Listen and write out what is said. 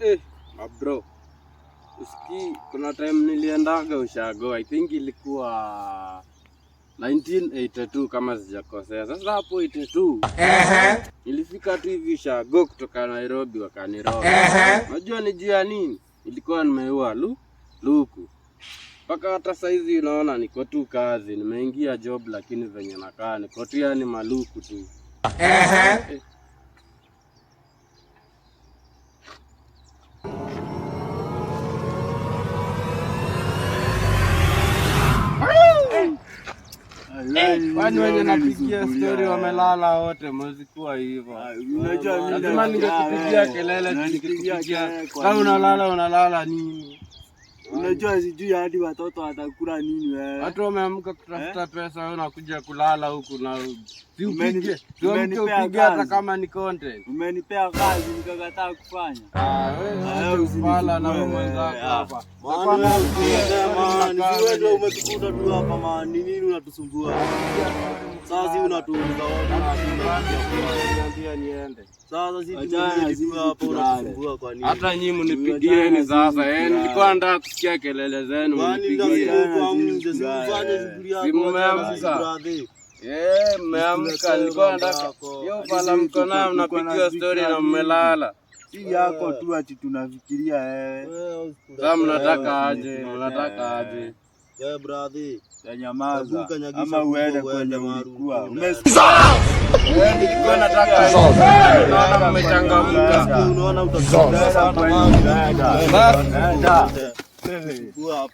Eh, mabro usikii, kuna time niliendaga ushago, I think ilikuwa 1982 kama sijakosea. Sasa hapo 82 ehe, nilifika tu hivi ushago kutoka Nairobi wakaniroa. Ehe, unajua ni juu ya nini? Ilikuwa nimeua lu luku mpaka hata saizi unaona niko tu kazi, nimeingia job, lakini venye nakaa niko tu yani maluku tu. Ehe. Eh. Kwani wenye napikia stori wamelala wote, mwezikuwa hivo Lazima ningekupigia kelele, kama unalala unalala nini? Unajua sijui hadi watoto watakula nini wewe. Watu wameamka kutafuta eh? pesa wewe unakuja kulala huku na umenipea kazi kama ni content. Umenipea kazi nikakataa kufanya. Ah wewe ah, usipala na wewe mwenzako ah. hapa. Maana wewe ndio umetukuta tu hapa maana nini unatusumbua. Sasa unatuuliza wewe. Ah, hata nyinyi mnipigieni sasa, eh, nilikuwa nataka kusikia kelele zenu mnipigie. Mmeamka. Eh, mmeamka, nilikuwa nataka. Hiyo pala mko story na mmelala. Si yako tu ati tunafikiria eh. wewe. Sasa mnataka aje? Mnataka eh. aje? brother, nyamaza ama uende kwenye ulikuwa. Umesikia? Naona mmechangamka, unaona utakuwa hapa.